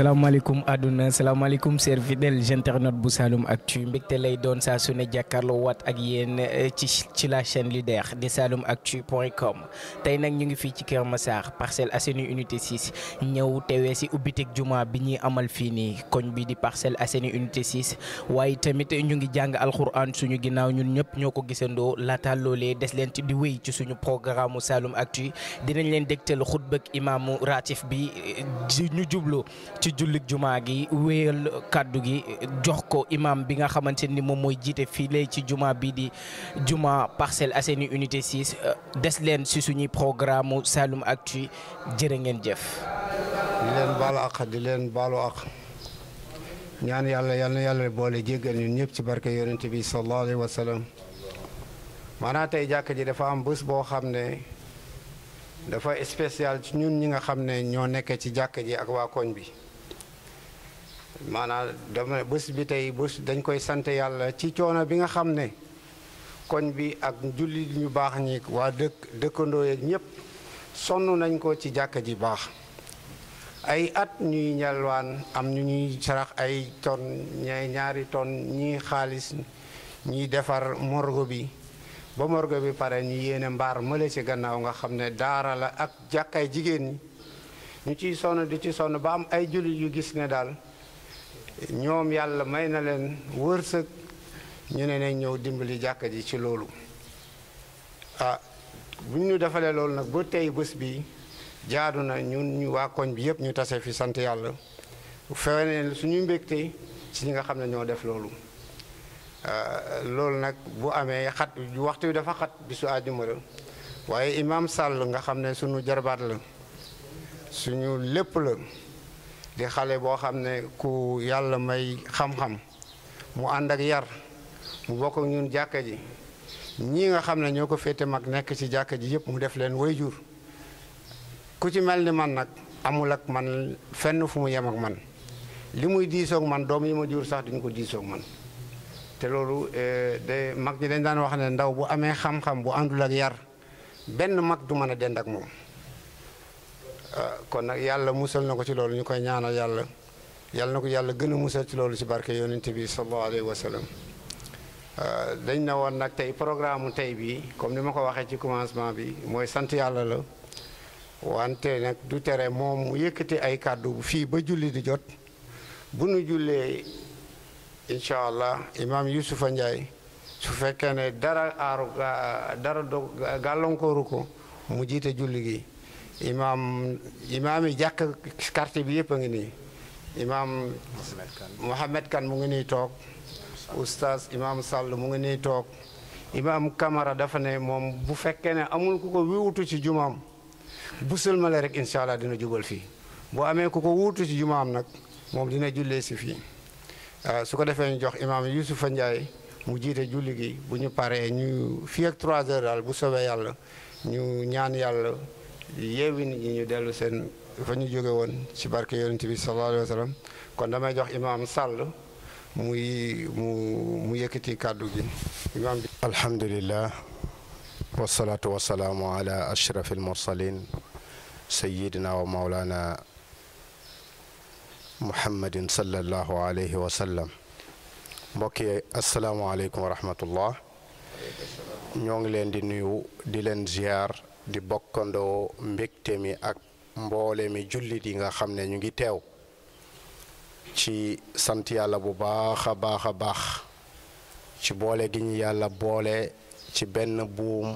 salaamaaleykum àdduna salaamaaleykum chers fidèles internautes bu saalum Actu mbégte lay doon saa su ne jàkkaarloo waat ak yéen eh, ci ci la chaîne leader di saalum Actu point com tey nag ñu ngi fii ci Kër Massar parcelle Assainies unité 6 ñëw tewee si ubbiteg juma bi ñuy amal fii nii koñ bi di parcelle Assainies unité 6 waaye tamit ñu ngi jàng alxuraan suñu ginnaaw ñun ñëpp ñoo ko gisandoo laata loolee des leen di wéy ci suñu programme mu Saloum Actu dinañ leen dégtal xutbak imaamu ratif bi eh, ñu jublu ci jumaa gi kàddu gi jox ko imam bi nga xamante ni moom mooy jiite fii lay ci jumaa bi di jumaa Parcelles Assainies unité 6 euh, des leen si suñuy programme ak Actu jërë ngeen jëf di leen baalu ak di leen baalu ak ñaan yàlla yal na yàlla boole jéggal ñun ñëpp ci barke yonente bi sallallahu alayhi wa sallam jàkk ji dafa am bés boo xam ne dafa spécial ci ñun ñi nga xam ne ñoo nekk ci jàkk ji ak waa koñ bi maanaam dama bés bi tey bés dañ koy sant yàlla ci coono bi nga xam ne koñ bi ak jullit ñu baax ñi waa dëkk dëkkandoo yeeg ñépp sonn nañ ko ci jàkk ji baax ay at ñuy ñelwaan am ñu ñuy sarax ay ton ñaari ton ñii xaalis ñuy defar morgo bi ba morgo bi pare ñu yéene mbaar male ci gannaaw nga xam ne daara la ak jàkkaay jigéen ñi ñu ciy sonn di ci sonn ba am ay jullit yu gis ne daal ñoom yàlla may na leen wërsëg ñu ne nañ ñëw dimbali jàkka ji ci loolu ah bu ñu defalee loolu nag bu tey bës bi jaadu na ñun ñu waa koñ bi yépp ñu tase fi sant yàlla feneen suñu mbégte si ñi nga xam ne ñoo def loolu ah, loolu nag bu amee xat waxtu bi dafa xat bisu àjjuma la waaye Imam Sall nga xam ne suñu jarbaat la suñu lépp la di xale boo xam ne ku yàlla may xam-xam mu ànd ak yar mu bokk ak ñun jàkka ji ñii nga xam ne ñoo ko féete mag nekk ci jàkka ji yëpp mu def leen jur ku ci mel ni man nag amul ak man fenn fu mu yem man li muy diisoog man doom yi ma jur sax duñu ko diisoog man te loolu eh, de mag ñi dañ daan wax ne ndaw bu amee xam-xam bu àndul ak yar benn mag du mën a dend ak moom kon nag yàlla musal na ko ci loolu ñu koy ñaanal yàlla yàlla na ko yàlla gën a musal ci loolu ci barke yonent bi sallallahu alayhi wa sallam euh, dañ na woon nag tey programme mu tey bii comme ni ma ko waxee ci commencement bi mooy sant yàlla la wante nag du tere moom mu yëkkati ay kàddu fii ba julli di jot bu nu jullee incha allah imaam Yusufa Ndiaye su fekkee ne dara aaru dara do gàllankooru ko mu jiite julli gi imaam imaam yi jàkk quartier bi yëpp a ngi nii imaam Mohamed Kan mu ngi ni toog oustaz imaam Sall mu ngi nii toog imaam Camara dafa ne moom bu fekkee ne amul ku ko wuutu ci jumaam bu sëlmale rek incha allah dina jubal fii bu amee ku ko wuutu ci jumaam nag moom dina jullee si fii ah, su ko defee ñu jox imaam Yusufa Ndiaye mu jiite julli gi bu ñu paree ñu fii trois 3 heures bu soobee yàlla ñu ñaan yàlla yeewi nit ñi ñu dellu seen fa ñu jóge woon ci barke yonent bi sallallahu alayhi wa sallam kon damay jox imaam Sall muy mu mu yëkkati kàddu gi imaam bi alhamdulillah wasalaatu wasalaamu ala ashraf almursalin sayidina wa maulana muhammadin sallallahu alayhi wa sallam mbokk yi asalaamaaleykum wa rahmatullah ñoo ngi leen di nuyu di leen ziar di bokkandoo mbégte mi ak mboole mi jullit yi nga xam ne ñu ngi teew ci sant yàlla bu baax a baax a baax ci boole gi ñu yàlla boole ci benn buum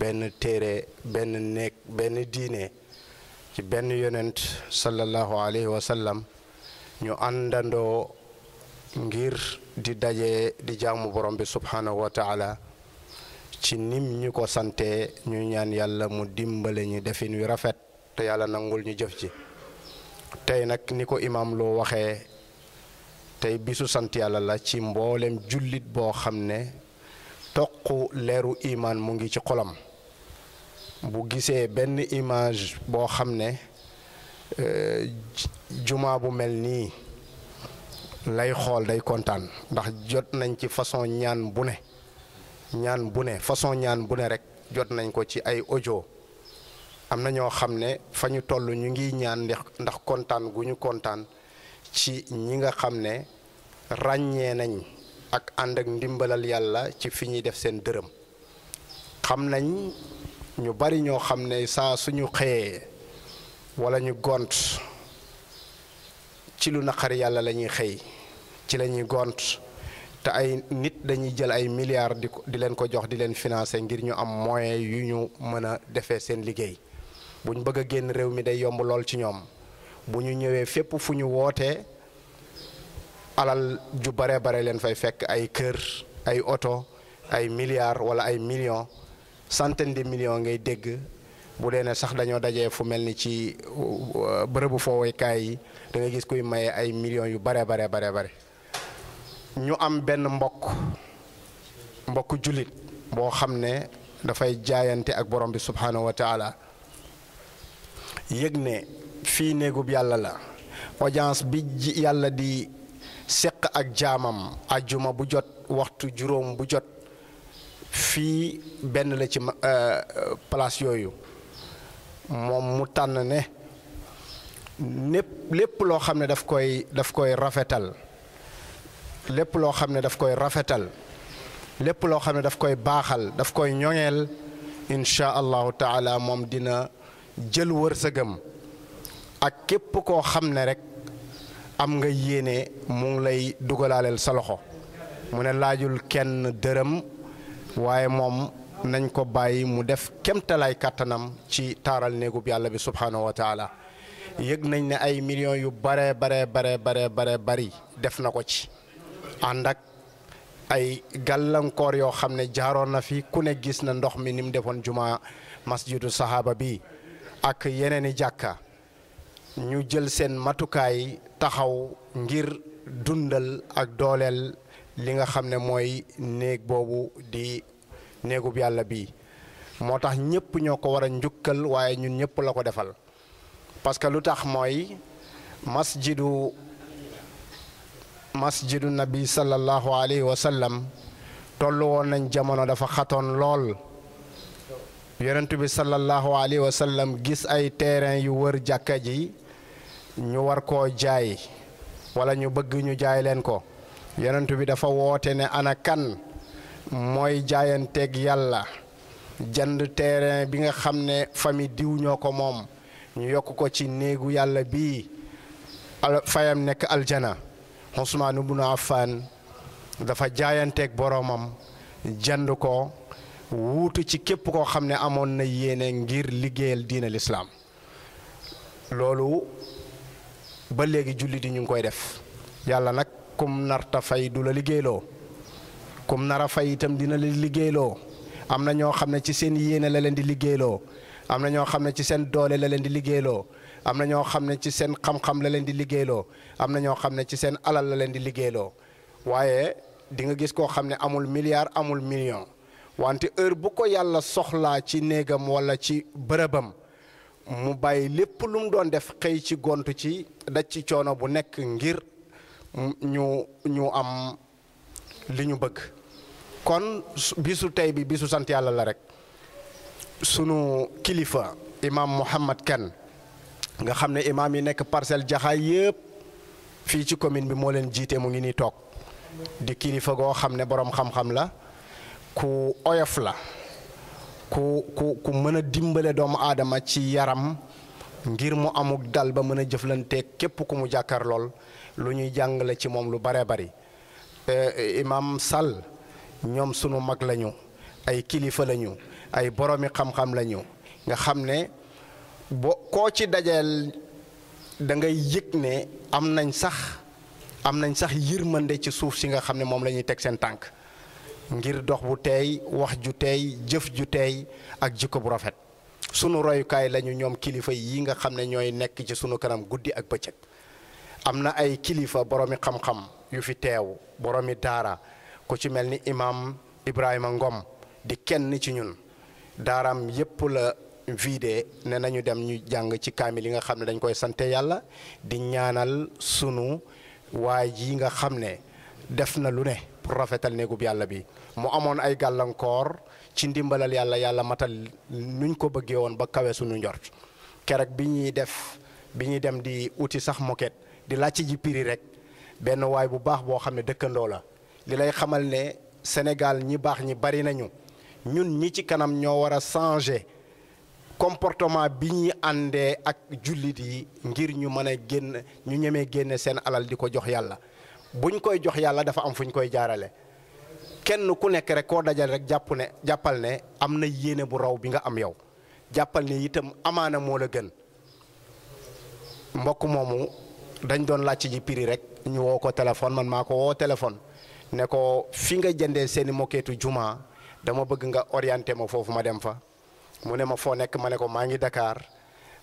benn téere benn néeg benn diine ci benn yonent sallallahu alayhi wa ñu àndandoo ngir di daje di jaamu borom bi subhanahu wa ci nim ñu ko sante ñu ñaan yàlla mu dimbale ñu defin wi rafet te yàlla nangul ñu jëf ci tey nag ni ko imaam loo waxee tey bisu sant yàlla la ci mboolem jullit boo xam ne toq leeru imaan mu ngi ci xolam bu gisee benn image boo xam ne euh, jumaa bu mel nii lay xool day kontaan ndax jot nañ ci façon ñaan bu ne ñaan bu ne façon ñaan bu ne rek jot nañ ko ci ay ojo am na ñoo xam ne fa ñu toll ñu ngi ñaan ndax kontaan gu ñu kontaan ci ñi nga xam ne ràññee nañ ak ànd ak ndimbalal yàlla ci fi ñuy def seen dërëm xam nañ ñu bari ñoo xam ne saa suñu xëyee wala ñu gont ci lu naqar yàlla lañuy xëy ci lañuy gont te ay nit dañuy jël ay milliards di di leen ko jox di leen financer ngir ñu am moyen yu ñu mën a defee seen liggéey bu ñu bëgg a réew mi day yomb lool ci ñoom bu ñu ñëwee fépp fu ñu wootee alal ju bare bare len fay fekk ay kër ay oto ay milliards wala ay millions centaine de millions ngay dégg bu dee sax dañoo dajee fu mel ni ci euh, bërëbu foowekaay yi da gis kuy maye ay millions yu bare bare bare bare ñu am benn mbokk mbokk jullit boo xam ne dafay jaayante ak borom bi subhaanahu wa taala yëg ne fii néegub yàlla la audience bi yàlla di seq ak jaamam ajjuma bu jot waxtu juróom bu jot fii benn la ci euh, place yooyu moom mu tànn ne népp lépp loo xam ne daf koy daf koy rafetal lépp loo xam ne daf koy rafetal lépp loo xam ne daf koy baaxal daf koy ñoŋeel incha allahu taala moom dina jël wërsëgam ak képp koo xam ne rek am nga yéene mu ngi lay dugalaaleel sa loxo mu ne laajul kenn dërëm waaye moom nañ ko bàyyi mu def kemtalaay kàttanam ci taaral néegub yàlla bi subhaanahu wa taala yëg nañ ne ay millions yu bare bare bare bare bare bari def na ko ci ànd ak ay gàllankoor yoo xam ne jaaroon na fi ku ne gis na ndox mi ni mu defoon juma masjidu saxaaba bi ak yeneen i jàkka ñu jël seen matukaay taxaw ngir dundal ak dooleel li nga xam ne mooy néeg boobu di néegub yàlla bi moo tax ñëpp ñoo ko war a njukkal waaye ñun ñëpp la ko defal parce lu tax mooy masjidu masjidu nabi sallallahu alayhi wa sallam tollu woon nañ jamono dafa xatoon lool yonent bi sallallahu alayhi wa gis ay terrain yu wër jàkka ji ñu war koo jaay wala ñu bëgg ñu jaay leen ko yonent bi dafa woote ne ana kan mooy jaayanteeg yàlla jënd terrain bi nga xam ne famille diwuñoo ko moom ñu yokk ko ci néegu yàlla bii fayam nekk aljana Usmaan ibnu Affaan dafa jaayanteeg boroomam jënd ko wuutu ci képp koo xam ne amoon na yéene ngir liggéeyal diina lislaam loolu ba léegi jullit yi ñu ngi koy def yàlla nag kum narta fay du la liggéeyloo kum nara fay itam dina la liggéeyloo am na ñoo xam ne ci seen yéene la leen di liggéeyloo am na ñoo xam ne ci seen doole la leen di liggéeyloo am na ñoo xam ne ci seen xam-xam la leen di liggéeyloo am na ñoo xam ne ci seen alal la leen di liggéeyloo waaye di nga gis koo xam ne amul milliard amul million wante heure bu ko yàlla soxlaa ci néegam walla ci bërëbam mu bàyyi lépp lum doon def xëy ci gont ci da ci coono bu nekk ngir ñu ñu am li ñu bëgg kon bisu tey bi bisu sant yàlla la rek sunu kilifa imam Mouhamad Kane nga xam ne imaam yi nekk parcelle Jaxaay yëpp fii ci commune bi moo leen jiite mu ngi nii toog di kilifa goo xam ne boroom xam-xam la ku oyof la ku ku ku mën a dimbale doomu aadama ci yaram ngir mu amuk dal ba mën a jëflanteeg képp ku mu jàkkaar lool lu ñuy jàngale ci moom lu bare bari eh, eh, imaam Sall ñoom sunu mag lañu ay kilifa lañu ay boroomi xam-xam lañu nga xam ne. boo koo ci dajeel da ngay yëg ne am nañ sax am nañ sax yërmande ci suuf si nga xam ne moom lañuy teg seen tànk ngir dox bu teey wax ju teey jëf ju teey ak jikko bu rafet sunu royukaay lañu ñoom kilifa yi nga xam ne ñooy nekk ci sunu kanam guddi ak bëccëg am na ay kilifa boroomi xam-xam yu fi teew boroomi daara ku ci mel ni imaam Ibrahima Ngom di kenn ci ñun daaraam yépp la vidé ne nañu dem ñu jàng ci kaamil yi nga xam ne dañ koy sante yàlla di ñaanal sunu waay ji nga xam ne def na lu ne pour rafetal néegub yàlla bi mu amoon ay gàllankoor ci ndimbalal yàlla yàlla matal nuñ ko bëggee woon ba kawe suñu njort keroog bi ñuy def bi ñuy dem di uti sax moket di laajte ji prix rek benn waay bu baax boo xam ne dëkkandoo la di lay xamal ne senegal ñi baax ñi bari nañu ñun ñi ci kanam ñoo war a changer comportement bi ñuy àndee ak jullit yi ngir ñu mën a génn ñu ñemee génne seen alal di ko jox yàlla buñ koy jox yàlla dafa am fu ñu koy jaarale kenn ku nekk rek koo dajal rek jàpp ne jàppal ne am na yéene bu raw bi nga am yow jàppal ne itam amaana moo la gën mbokk moomu dañ doon laajte ji prix rek ñu woo ko téléphone man maa ko woo téléphone ne ko fi nga jëndee seeni mokkeetu juma dama bëgg nga orienté ma foofu ma dem fa. mu ne ma foo nekk ma ne ko maa ngi Dakar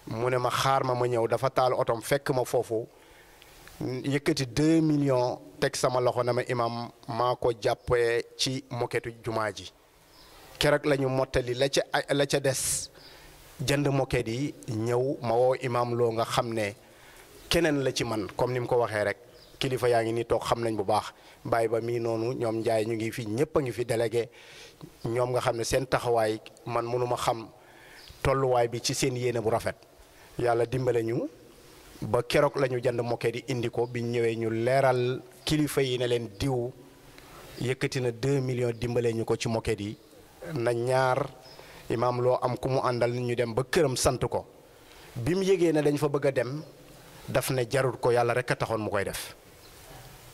mu ne ma xaar ma ma ñëw dafa taal otom fekk ma foofu yëkkati 2 millions teg sama loxo na ma imam maa ko jàppee ci moketu jumaa ji kerek lañu mottali la ca ca des jënd moket yi ñëw ma woo imam loo nga xam ne keneen la ci man comme ni mu ko waxee rek kilifa yaa ngi ni toog xam nañ bu baax baay ba mii noonu ñoom njaay ñu ngi fi ñëpp a ngi fi délégué ñoom nga xam ne seen taxawaay man mënuma xam tolluwaay bi ci seen yéene bu rafet yàlla dimbale ñu ba keroog lañu ñu jënd moquette yi indi ko bi ñëwee ñu leeral kilifa yi ne leen diw yëkkati na 2 millions dimbale ñu ko ci moquette yi na ñaar imaam loo am ku mu àndal ñu dem ba këram sant ko bi mu yëgee ne dañ fa bëgg a dem daf ne jarul ko yàlla rek a taxoon mu koy def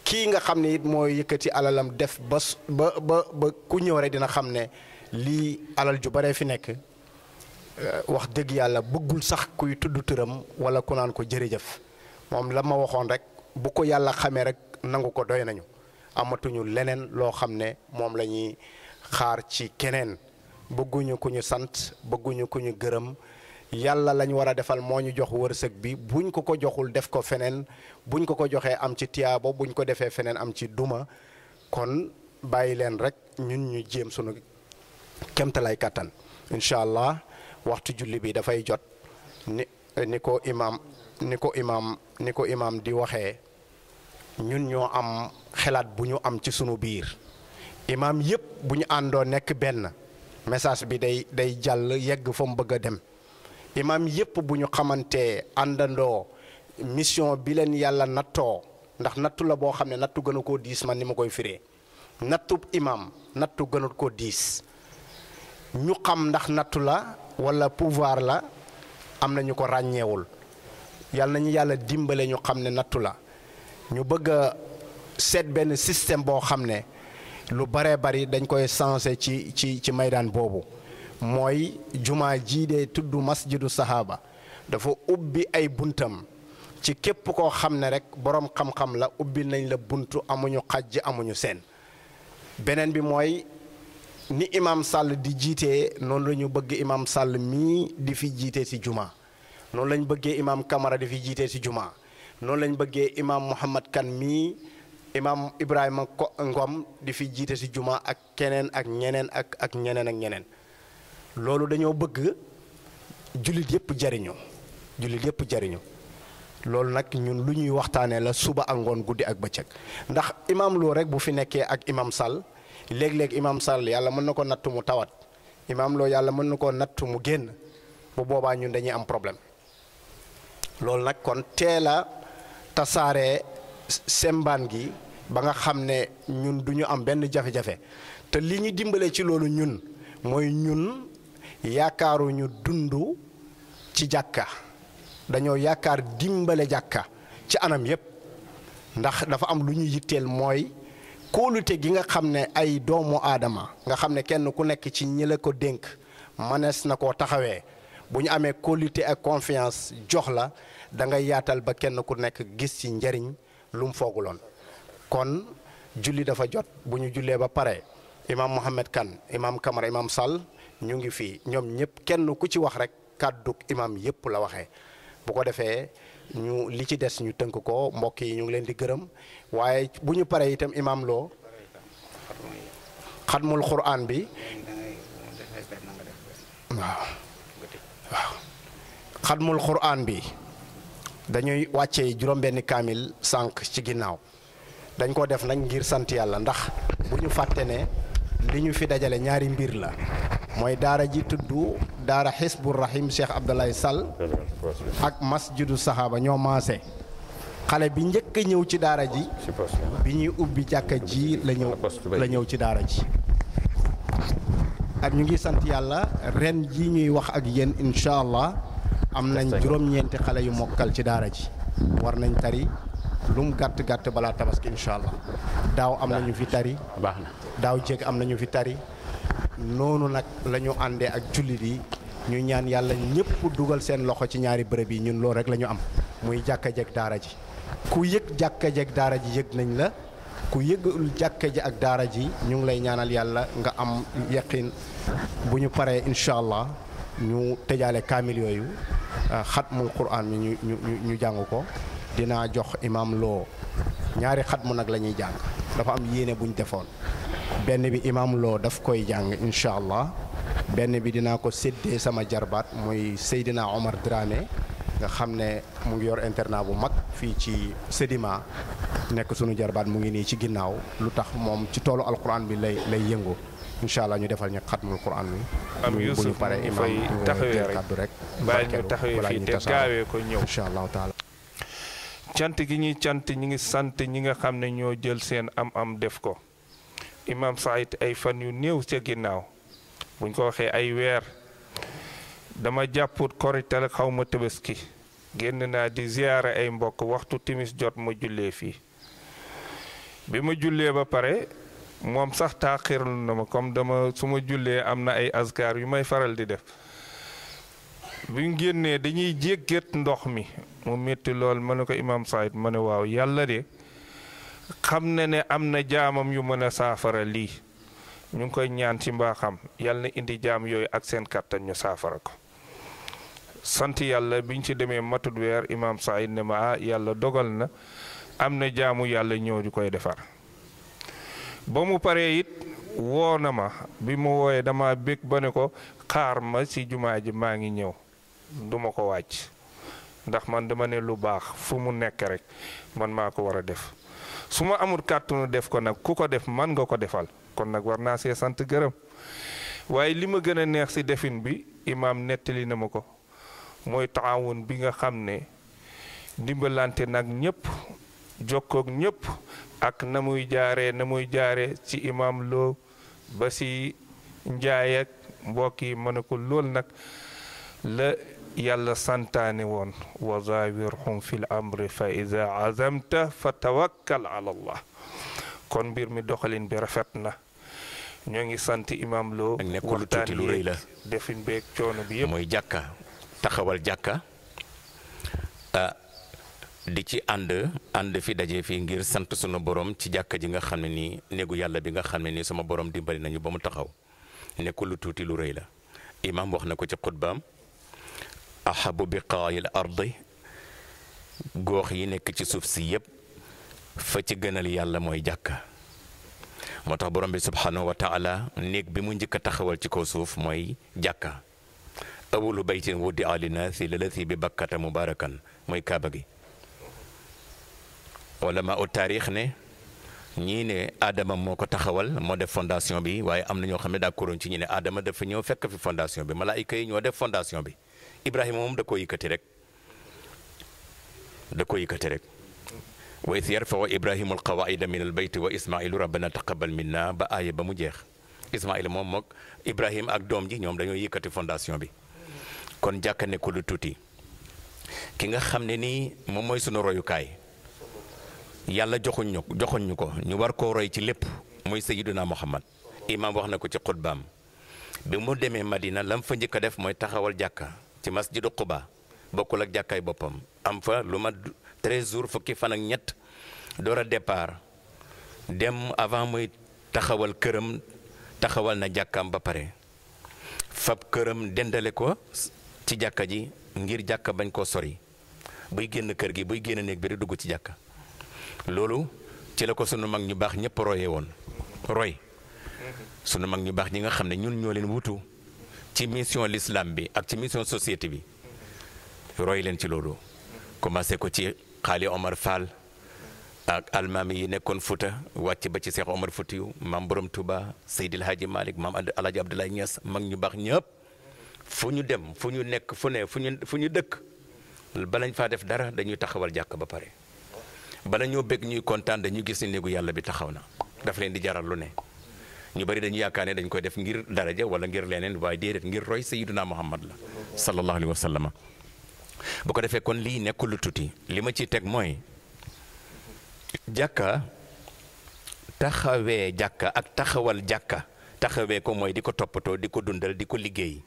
kii nga xam ne it mooy yëkkati alalam def ba ba ba ba ku ñëw rek dina xam ne lii alal ju bare fi nekk euh, wax dëgg yàlla bëggul sax kuy tudd tëram wala ku naan ko jërëjëf moom la ma waxoon rek bu ko yàlla xamee rek nangu ko doy nañu amatuñu leneen loo xam ne moom la ñuy xaar ci keneen bëgguñu ku ñu sant bëgguñu ku ñu gërëm yàlla lañ war a defal moo ñu jox wërsëg bi buñ ko ko joxul def ko feneen buñ ko ko joxee am ci tiyaabo buñ ko defee feneen am ci duma kon bàyyi leen rek ñun ñu jéem sunu kemtalay kattan incha allah waxtu julli bi dafay jot ni ni ko imaam ni ko imaam ni ko imaam di waxee ñun ñoo am xelaat bu ñu am ci sunu biir imaam yépp bu ñu àndoo nekk benn message bi day day jàll yegg fa mu bëgg a dem imam yépp bu ñu xamante àndandoo mission bi leen yàlla nattoo ndax nattu la boo xam ne nattu gënu koo diis ma ni ma koy firee nattu imam nattu gënu koo diis ñu xam ndax nattu la walla pouvoir la am na ñu ko ràññeewul yàlla nañu yàlla dimbale ñu xam ne nattu la ñu bëgg a seet benn système boo xam ne lu baree bari dañ koy sanse ci ci ci maydaan boobu mooy jumaa jiide dee tudd masjidu sahaaba dafa ubbi ay buntam ci képp koo xam ne rek boroom xam-xam la ubbi nañ la bunt amuñu xaj amuñu seen beneen bi mooy ni imam sàll di jiite noonu lañu bëgg imam sàll mii di fi jiite ci jumaa noonu lañ bëggee imam Kamara di fi jiitee ci jumaa noonu lañ bëggee imam Mouhamad Kan mii imam Ibrahima Ngom di fi jiite ci jumaa ak keneen ak ñeneen ak ak ñeneen ak ñeneen loolu dañoo bëgg jullit yëpp jariñu jullit yépp jariñu loolu nag ñun lu ñuy waxtaanee la suba ak ngoon guddi ak bëccëg ndax imam loo rek bu fi nekkee ak imam Sall léeg-léeg imaam Sall yàlla mën na ko natt mu tawat imam yàlla mën na ko natt mu génn bu boobaa ñun dañuy am problème loolu nag kon teela tasaare sembaan gi ba nga xam ne ñun du ñu am benn jafe-jafe te li ñu dimbale ci loolu ñun mooy ñun. yaakaaruñu dund ci jàkka dañoo yaakaar dimbale jàkka ci anam yépp ndax dafa am lu ñu yitteel mooy kóolute gi nga xam ne ay doomu aadama nga xam ne kenn ku nekk ci ñi la ko dénk manees na koo taxawee bu ñu amee kóolute ak confiance jox la da yaatal ba kenn ku nekk gis ci njariñ lum fooguloon kon julli dafa jot bu ñu jullee ba pare imaam Mohamed Kane imaam Camara imaam Sall ñu ngi nyom ñoom ñëpp kenn ku ci wax rek imam yep la waxee bu ko defee ñu li ci des ñu tënk ko mbokk yi ñu ngi leen di gërëm waaye itam imam lo xatmul quran bi waaw waaw quran bi dañuy wàccee juróom benn kamil sànq ci ginnaaw dañ ko def nag ngir sant yàlla ndax bu ñu ne li fi dajale ñaari mbir la mooy daara ji tudd daara xisbu rahim Cheikh Abdoulaye Sall ak masjidu saxaaba ñoo maase xale bi njëkk a ñëw ci daara ji bi ñuy ubbi jàkka ji la ñëw la ñëw ci daara ji ak ñu ngi sant yàlla ren ji ñuy wax ak yéen incha am nañ juróom-ñeenti xale yu mokkal ci daara ji war nañ tari lum gàtt gàtt balaa tabaski incha allah daaw am na ñu fi tari daaw jéeg am nañu fi tari noonu nag la ñu àndee ak jullit yi ñuy ñaan yàlla ñëpp dugal seen loxo ci ñaari bërëb yi ñun lool rek lañu am muy jàkka daara ji ku yëg jàkka daara ji yég nañ la ku yëgul jàkka ji ak daara ji ñu ngi lay ñaanal yàlla nga am yaqin bu ñu paree incha allah ñu tëjaale kaamil yooyu euh, xatmul quran mi ñu ñu ñu jàng ko dinaa jox imam loo ñaari mu nag la ñuy jàng dafa am yéene bu ñu defoon. benn bi imam loo daf koy jàng incha allah benn bi dinaa ko séddee sama jarbaat muy Seydina Omar Dramé nga xam ne mu ngi yor internat bu mag fii ci Sedima nekk sunu jarbaat mu ngi nii ci ginnaaw lu tax moom ci toolu alquran bi lay lay yëngu Insha allah ñu defal ñu xatmul quran bi. am yusuf mu pare imam taxawee rek rek. bàyyi ñu taxawee fii te gaawee ko ñëw incha allahu taala. cant gi ñuy cant ñi ngi sant ñi nga xam ne ñoo jël seen am-am def ko. imam Saïd ay fan yu néew ca ginnaaw buñ ko waxee ay weer dama jàpput korite la xaw ma tëbaski génn naa di ziyaare ay mbokk waxtu timis jot ma jullee fii bi ma jullee ba pare moom sax taaxirlu na ma comme dama su ma jullee am na ay askar yu may faral di def buñ génnee dañuy jéggat ndox mi mu metti lool ma ne ko imam Saïd ma ne waaw yàlla de xam na ne am na jaamam yu mën a saafara lii ñu ngi koy ñaan ci mbaaxam yal na indi jaam yooyu ak seen kàttan ñu saafara ko sant yàlla biñ ci demee matut weer imaam Saïd ne ma ah, yàlla dogal na am na jaamu yàlla ñëw di koy defar ba mu paree it woo na ma bi mu wooyee dama bég ba ne ko xaar ma ci jumaa ji maa ngi ñëw duma ko wàcc ndax man dama ne lu baax fu mu nekk rekk man maa ko war a def su ma amul kàttanu def ko nag ku ko def man nga ko defal kon nag war naa see sant gërëm waaye li ma gën a neex si defin bi imaam nettali na ma ko mooy taawun bi nga xam ne dimbalante nag ñépp jokkoog ñépp ak na muy jaaree na muy jaare ci imaam loo ba si njaay ak mbokk yi ma lool nag la yàlla santaani woon wa zawirhum fil amri fa ida azamta fa tawakkal ala kon mbir mi doxalin bi rafet na ñoo ngi sant imam loo ak nekkul la defin beeg coono bi yëpp mooy jàkka taxawal jàkka a ah, di ci ànd ànd fi daje fii ngir sant sunu borom ci jàkka ji nga xam ne nii néegu yàlla bi nga xam ne nii sama borom bari nañu ba mu taxaw nekkul lu tuuti lu rëy la imam wax na ko ci xutbaam ahabu biqaayil ardi goox yi nekk ci suuf si yépp fa ci gënal yàlla mooy jàkka moo tax borom bi subhanahu wa taala néeg bi mu njëkk a taxawal ci kaw suuf mooy jàkka awwalu baytin wuddi'a linnaasi lallazii bi bakkata mubaarakan mooy kaaba gi wala ma u taarix ne ñii ne Adama moo ko taxawal moo def fondation bi waaye am na ñoo xam ne daa koroon ci ñu ne Adama dafa ñëw fekk fi fondation bi malaayika yi ñoo def fondation bi ibrahim moom da koo yëkkati rek da koo yëkkati rek wa id yarfau ibrahimu alqawaida min albayt wa ismailu rabbana taqabal minna ba aaya ba mu jeex ismail moom mook ibrahim ak doom ji ñoom dañoo yëkkati fondation bi kon jàkka ne ko lu tuuti ki nga xam ne nii moom mooy sunu royukaay yàlla joxuñ ñu joxuñ ñu ñu war koo roy ci lépp muy sayiduna muhammad imam wax ko ci xutbaam bi mu demee madina lam fa njëkk def mooy taxawal jàkka ci masjidu Quba bokkul ak jàkkaay boppam am fa lu ma 13 jours fukki fan ak départ dem avant muy taxawal këram taxawal na jàkkaam ba pare fab këram ko ci ji ngir jàkka bañ koo sori buy génn kër gi buy génn néeg bi di dugg ci jàkka loolu ci la ko sunu mag ñu baax roy mm-hmm. sunu mag ñu ñi nga ñun ñoo leen wutu ci mission lislaam bi ak ci mission société bi roy leen ci loolu commencé ko ci xaali Omar Fall ak almaami yi nekkoon Fuuta wàcc ba ci Seex Omar Fuutiyu maam Borom Touba Seydil Haaji Malick maam Alaaji Abdoulaye Niass mag ñu baax ñëpp fu ñu dem fu ñu nekk fu ne fu ñu fu ñu dëkk balañ faa def dara dañuy taxawal jàkk ba pare bala ñoo bëgg ñuy kontaan dañuy gis ni néegu yàlla bi taxaw na daf leen di jaral lu ne ñu bari dañu yaakaar ne dañ koy def ngir daraja wala ngir leneen waaye déedéet ngir roy sayyiduna muhammad la sallallahu alayhi wa sallam bu ko defee kon lii nekkul lu tuuti li ma ciy teg mooy jàkka taxawee jàkka ak taxawal jàkka taxawee ko mooy di ko toppatoo di ko dundal di ko liggéey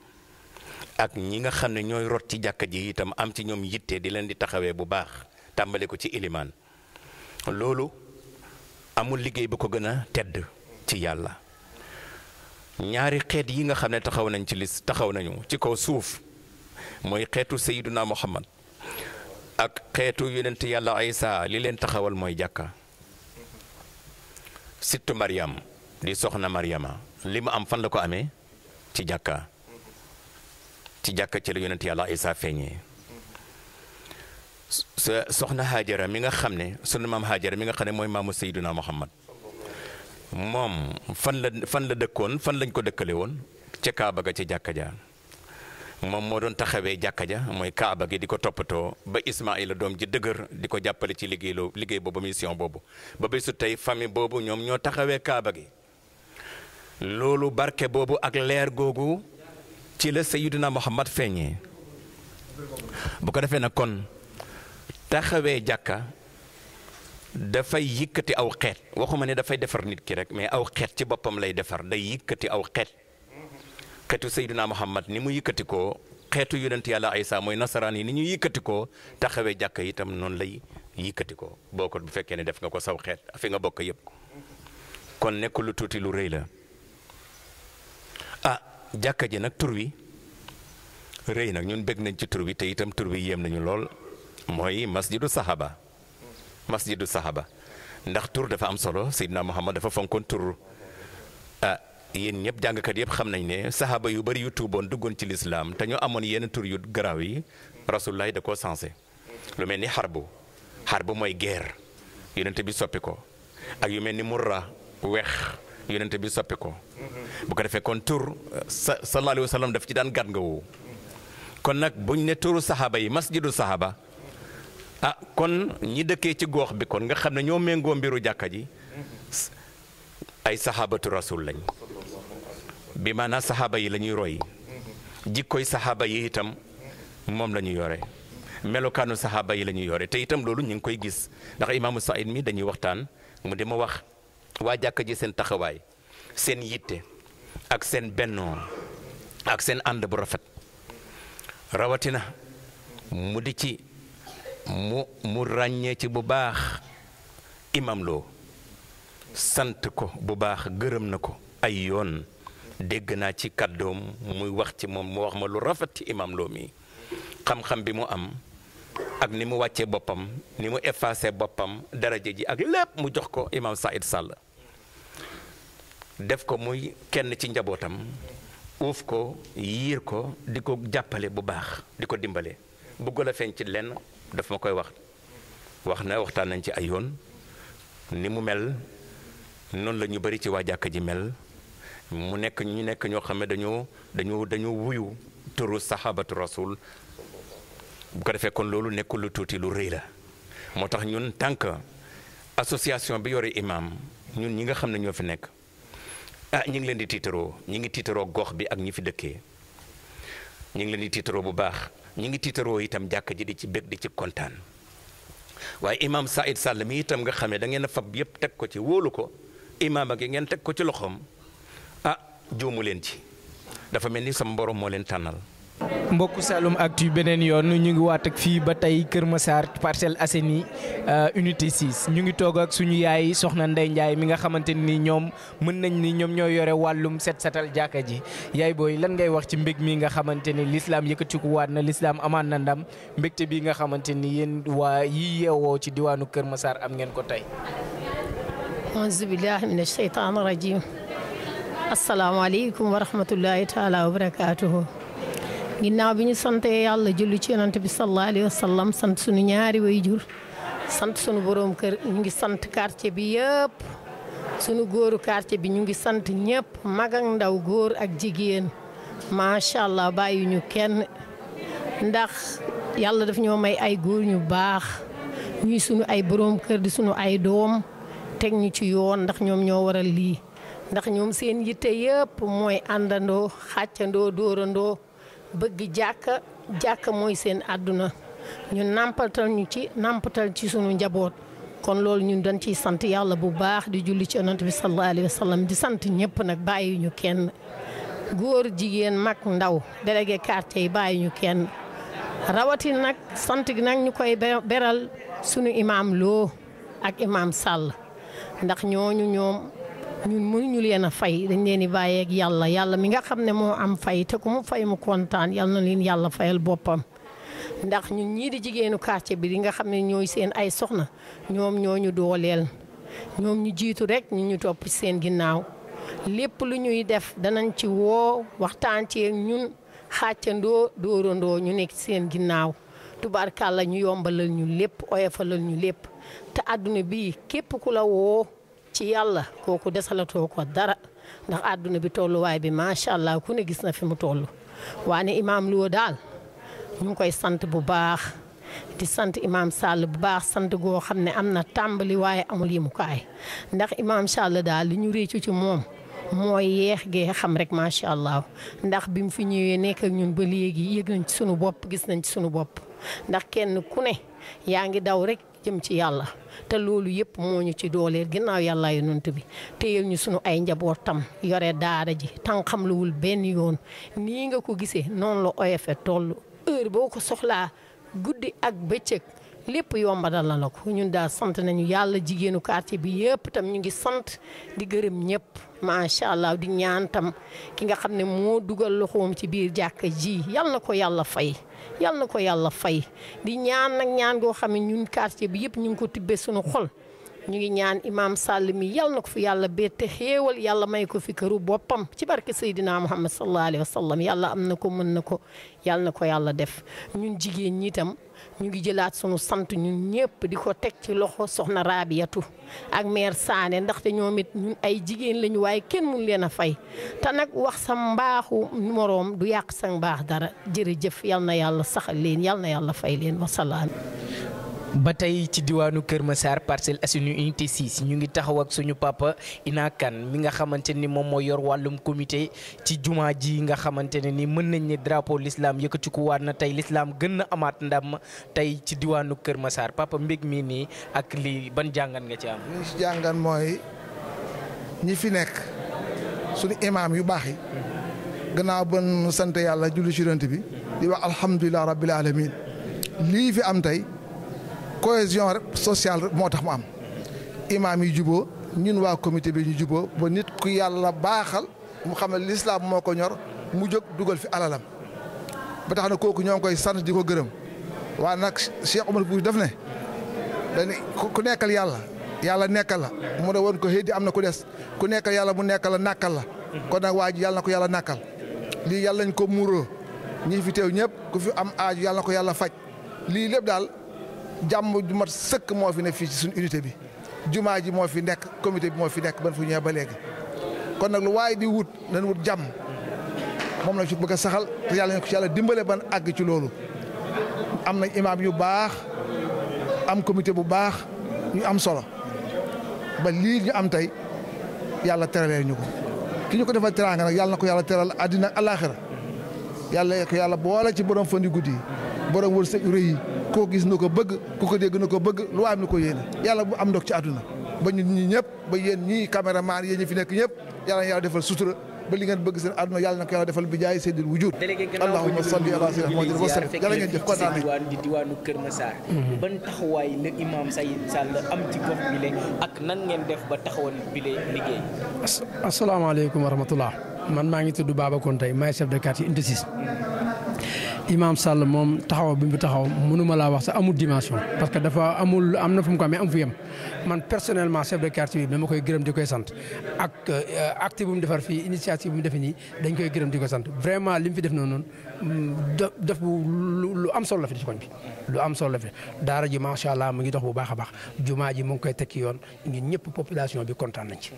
ak ñi nga xam ne ñooy rot ci jàkka ji itam am ci ñoom yitte di leen di taxawee bu baax tàmbale ko ci ilimaan loolu amul liggéey bu ko gën a tedd ci yàlla ñaari xeet yi nga xam ne taxaw nañ ci lis taxaw nañu ci kaw suuf mooy xeetu sayiduna muhammad ak xeetu yonent yàlla isa li leen taxawal mooy jàkka sittu mariam di soxna maryama li mu am fan la ko amee ci jàkka ci jàkka ci la yonent yàlla isa feeñee soxna hajara mi nga xam sunu maam hajara mi nga xam ne mooy maamu muhammad moom fan la fan la dëkkoon fan lañ ko dëkkale woon ca Kaaba ga ca jàkka ja moom moo doon taxawee jàkka ja mooy Kaaba gi di ko toppatoo ba la doom ji dëgër di ko jàppale ci liggéey liggéey boobu mission boobu ba bésu tey famille boobu ñoom ñoo taxawee Kaaba gi loolu barke boobu ak leer googu ci la Sayyidina Muhammad feeñee bu ko defee nag kon taxawee jàkka. dafay yëkkati aw xeet waxuma ne dafay defar nit ki rek mais aw xeet ci boppam lay defar day yëkkati aw xeet xeetu Seydina Muhammad ni mu yëkkati ko xeetu yonent yàlla Aysa mooy nasaraan yi ni ñu yëkkati ko taxawee jàkk itam noonu lay yëkkati ko boo ko bu fekkee ne def nga ko saw xeet fi nga bokk ko kon nekk lu tuuti lu rëy la ah jàkka ji nag tur wi rëy nag ñun bëgg nañ ci tur wi te itam tur wi yéem nañu lool mooy masjidu sahaba masjidu sahaba ndax tur dafa am solo Seydina Muhammad dafa fonkoon tur ah yéen ñëpp jàngkat yëpp xam nañ ne sahaba yu bari yu tuuboon duggoon ci lislaam te ñoo amoon yenn tur yu garaaw yi rasulullah da koo sensé lu mel ni xarbu xarbu mooy guerre yonente bi soppi ak yu mel murra weex yonente bi soppi bu ko defee kon tur sallallahu alayhi wa daf ci daan gàtt nga woo kon nag buñ ne turu sahaba yi masjidu sahaba a ah, kon ñi dëkkee ci goox bi kon nga xam ne ñoo méngoo mbiru jàkka ji ay saxaabatu rasul lañ bi maanaam saxaaba yi la ñuy roy jikkoy saxaaba yi itam moom la yore melokaanu saxaaba yi la ñuy yore te itam loolu ñu ngi koy gis ndax imaamu Saïd mi dañuy waxtaan mu di ma wax waa jàkka ji seen taxawaay seen yitte ak seen bennoo ak seen ànd bu rafet rawatina mu di ci mu mu ràññee ci bu baax imam loo sant ko bu baax gërëm na ko ay yoon dégg naa ci kàddoom muy wax ci moom mu wax ma lu rafet ci imam loo mi xam-xam bi mu am ak ni mu wàccee boppam ni mu effacé boppam daraje ji ak lépp mu jox ko imam said sàll def ko muy kenn ci njabootam uuf ko yiir ko di ko jàppale bu baax di ko dimbale bëgg la feeñ ci lenn daf ma koy wax wax na waxtaan nañ ci ay yoon ni mu mel noonu la ñu bari ci waa jàkka ji mel mu nekk ñu nekk ñoo xam ne dañoo dañoo dañoo wuyu turu sahabatu rasul bu ko defee kon loolu nekkul lu tuuti lu rëy la moo tax ñun tànk association bi yore imam ñun ñi nga xam ne ñoo fi nekk ah ñu ngi leen di tiitaroo ñi ngi tiitaroo gox bi ak ñi fi dëkkee ñu ngi leen di tiitaroo bu baax ñu ngi tiitaroo itam jàkk ji di ci bég di ci kontaan waaye imaam Saïd Sall mi itam nga xam ne da ngeen a fab yëpp teg ko ci wóolu ko imaam ak yi ngeen teg ko ci loxoom ah juumu leen ci dafa mel ni sama borom moo leen tànnal. mbokku Saloum Actu beneen yoon ñu ngi waat ak fii ba tey Kër Massar Parcelles Assainies euh, unité 6 ñu ngi toog ak suñu yaay soxna Ndeye Ndiaye mi nga xamante ni ñoom mën nañ ni ñoom ñoo yore wàllum set setal jàkka ji yaay booy lan ngay wax ci mbég mi nga xamante ni lislaam yëkkatiku waat na lislaam amaan na ndam mbégte bi nga xamante ni yéen waa yi yeewoo ci diwaanu Kër Massar am ngeen ko tey. auzu billahi mina shaytaani rajim asalaamaaleykum wa rahmatullahi taala wa barakaatuhu ginnaaw bi ñu santee yàlla julli ci yonante bi sallallahu alayhi wa sant suñu ñaari way jur sant suñu borom kër ñu ngi sant quartier bi yëpp suñu góoru quartier bi ñu ngi sant ñëpp mag ak ndaw góor ak jigéen macha allah bàyyiñu kenn ndax yàlla daf ñoo may ay góor ñu baax ñuy sunu ay borom kër di suñu ay doom teg ñu ci yoon ndax ñoom ñoo waral lii ndax ñoom seen yitte yëpp mooy àndandoo xàccandoo dóorandoo bëgg jàkka jàkka mooy seen àdduna ñu nàmpatal ñu ci nàmpatal ci sunu njaboot kon loolu ñun dañ ciy sant yàlla bu baax di julli ci yonent bi sallallahu alayhi wa di sant ñëpp nag bàyyi ñu kenn góor jigéen mag ndaw délégué quartier yi bàyyi ñu kenn rawati nag sant gi nag ñu koy beral suñu imaam loo ak imaam sàll ndax ñooñu ñoom ñun mënuñu leen a fay dañ leen di bàyyeeg yàlla yàlla mi nga xam ne moo am fay te ku mu fay mu kontaan yàlla na leen yàlla fayal boppam. ndax ñun ñii di jigéenu quartier bi di nga xam ne ñooy seen ay soxna ñoom ñoo ñu dooleel ñoom ñu jiitu rek ñu ñu topp seen ginnaaw lépp lu ñuy def danañ ci woo waxtaan ci ñun xàccandoo dóorandoo ñu nekk seen ginnaaw tubaarkàlla ñu yombalal ñu lépp oyofalal ñu lépp te àdduna bi képp ku la woo. ci yàlla kooku desalatoo ko dara ndax àdduna bi tolluwaay bi macha allah ku ne gis na fi mu toll waane imaam Lo daal ñu koy sant bu baax di sant imaam Sall bu baax sant goo xam ne am na tàmbali waaye amul yemukaay ndax imaam Sall daal li ñu réccu ci moom mooy yeex gee xam rek macha allah ndax bi mu fi ñëwee nekk ak ñun ba léegi yëg nañ ci sunu bopp gis nañ ci sunu bopp ndax kenn ku yaa ngi daw rek jëm ci yàlla te loolu yëpp mooñu ci dooleel ginnaaw yàlla yonent bi téyel ñu sunu ay njabootam yore daara ji tànqam luwul benn yoon nii nga ko gisee noonu la oyefe toll heure boo ko soxlaa guddi ak bëccëg lépp yombadal na la ko ñun daal sant nañu yàlla jigéenu quartier bi yëpp tam ñu ngi sant di gërëm ñëpp macha allah di ñaan tam ki nga xam ne moo dugal loxoom ci biir jàkka ji yal na ko yàlla fay. yàlla na ko yàlla fay di ñaan nag ñaan goo xam ne ñun quartier bi yëpp ñu ngi ko tibbee sunu xol ñu ngi ñaan imaam Sall mi yal na ko fi yàlla bette xéewal yàlla may ko fi këru boppam ci barke Seydina Muhammad sallallahu alayhi wa yàlla am na ko mën na ko yàlla na ko yàlla def ñun jigéen ñi tam ñu ngi jëlaat sunu sant ñun ñëpp di ko teg ci loxo soxna Rabiatu ak mère Sané ndaxte ñoom it ñun ay jigéen lañu waaye kenn mun leen a fay te nag wax sa mbaaxu moroom du yàq sa mbaax dara jërëjëf yal na yàlla saxal leen yal na yàlla fay leen wasalaam ba tey ci diwaanu Kër Massar Parcelles Assainies unité 6 ñu ngi taxaw ak suñu papa inakan Kane mi nga xamante ni moom yor wàllum comité ci juma ji nga xamante ne ni mën nañ ne drapeau l'islam yëkkatiku waat na tey l'islam gën na ndam tey ci diwaanu Massar papa big mii nii ak lii ban jàngan nga ci am. li ci jàngan mooy ñi fi nekk suñu yu yi. ban julli ci bi. di wax alhamdulilah rabbil alamin lii fi am cohésion rek sociale moo tax mu am imaam yi juboo ñun waa comité bi ñu juboo ba nit ku yàlla baaxal mu xam ne lislaam moo ko ñor mu jóg dugal fi alalam ba tax na kooku ñoo ngi koy sant di ko gërëm waaye nag Cheikh Omar Foutiyou def ne dañ ku nekkal yàlla yàlla nekkal la mu ne woon ko xëy am na ku des ku nekkal yàlla mu nekkal la nàkkal la kon nag waa yàlla na ko yàlla nàkkal lii yàlla nañ ko muuroo ñi fi teew ñëpp ku fi am aaju yàlla na ko yàlla faj lii lépp daal jàmm ju mat sëkk moo fi ne fii ci suñu unité bi jumaa ji moo fi nekk comité bi moo fi nekk ban fu ñëwee ba léegi kon nag lu waaye di wut nañ wut jàmm moom na ci bëgg a saxal te yàlla ñu ko yàlla dimbale ban àgg ci loolu am na imaam yu baax am comité bu baax ñu am solo ba lii ñu am tey yàlla teralee ñu ko ki ñu ko defal teraanga nag yàlla na ko yàlla teral àddina ak yàlla yegg yàlla boole ci borom fan yu guddi yi borom wërsëg yu rëy yi koo gis na ko bëgg ku ko dégg na ko bëgg lu am na ko yéene yàlla bu am ndog ci àdduna ba ñun ñi ñëpp ba yéen ñii caméraman yéen ñi fi nekk ñëpp yàlla yàlla defal sutura ba li ngeen bëgg seen àdduna yàlla na ko yàlla defal bi jaay seydil wujud allahumma salli ala sayyidina muhammadin wa sallam yàlla ngeen jëf kontaan nañ diwaan di diwaanu Kër Massar ban taxawaay la imam Sayid Sall am ci gox bi le ak nan ngeen def ba taxawal bi man maa ngi tudd Baba Kontey maay chef de quartier Unité 6 Imam Sall moom taxaw bi mu taxaw mënuma laa wax sax amul dimension parce que dafa amul am na fu mu ko amee am fu yem man personnellement chef de quartier dama koy gërëm di koy sant ak euh, acte bu mu defar fii initiative bu mu defee nii dañ koy gërëm di ko sant vraiment li fi def noonu mm, def lu am solo fi ci koñ bi lu am solo la fi daara ji macha allah mu ngi dox bu baax a baax jumaa ji mu ngi koy tekki yoon ñun ñëpp population bi kontaan nañ ci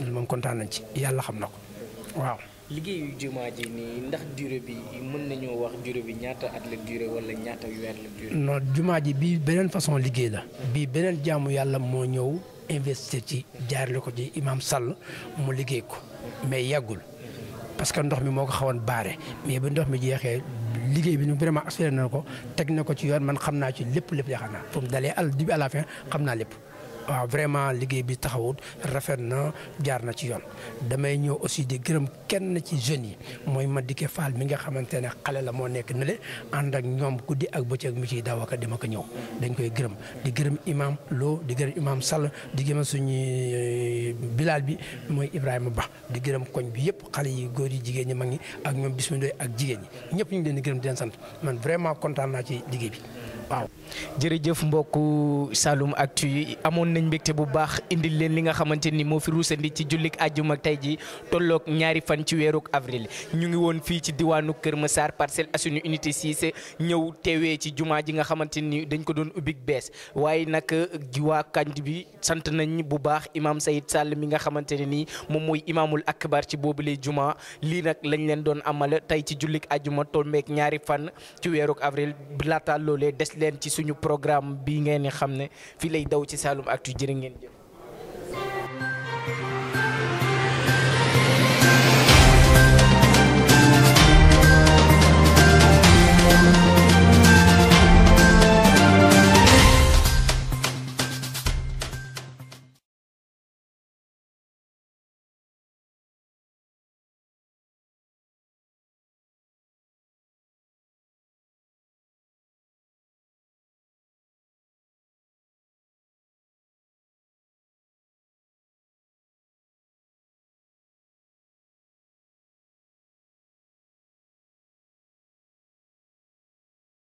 ñun moom kontaan nañ ci yàlla xam na ko waaw liggéeyu jumaa ji nii ndax durée bi mën nañoo wax durée bi ñaata at la durée wala ñaata weer la durée. non jumaa ji bii beneen façon liggéey la. bii beneen jàmm yàlla moo ñëw investir ci jaarale ko ci imaam Sall mu liggéey ko mais yàggul parce que ndox mi moo ko xawoon baare mais ba ndox mi jeexee. liggéey bi ñu vraiment assuré na ko teg na ko ci yoon man xam naa ci lépp lépp yaakaar naa fu mu dalee al la fin xam naa lépp waa ah, vraiment liggéey bi taxawut rafet na jaar na ci yoon damay ñëw aussi di gërëm kenn ci jeunes yi mooy Madické Fall mi nga xamante ne xale la moo nekk nële ànd ak ñoom guddi ak bëccëg mu ciy daawaka dima ko ñëw dañ koy gërëm di gërëm imaam Lo di gërëm imam Sall di gërëm suñu euh, bilal bi mooy Ibrahima Ba di gërëm koñ bi yëpp xale yi góor yi jigéen ñi mag ñi ak ñoom bisimilah ak jigéen ñi ñëpp ñu ngi leen di gërëm di sant man vraiment kontaan naa ci liggéey bi waaw. jërëjëf mbokku Saloum Actu yi amoon nañ mbégte bu baax indil leen li nga xamante ni moo fi ruusandi ci jullik ajuma tey ji tolloog ñaari fan ci weeruk avril ñu ngi woon fii ci diwaanu Kër Massar Parcelles Assainies unité 6 ñëw teewee ci jumaa ji nga xamante ni dañ ko doon ubbik bees waaye nag waa Kandji bi sant nañ bu baax imaam Sayid Sall mi nga xamante ne nii moom mooy imaamul akbar ci boobu boobule jumaa lii nag lañ leen doon amala tey ci jullik ajuma tolmeek ñaari fan ci weeruk avril laata loolee des leen ci suñu programme bii ngeen di xam ne fii lay daw ci Saloum Actu jërë ngeen jëf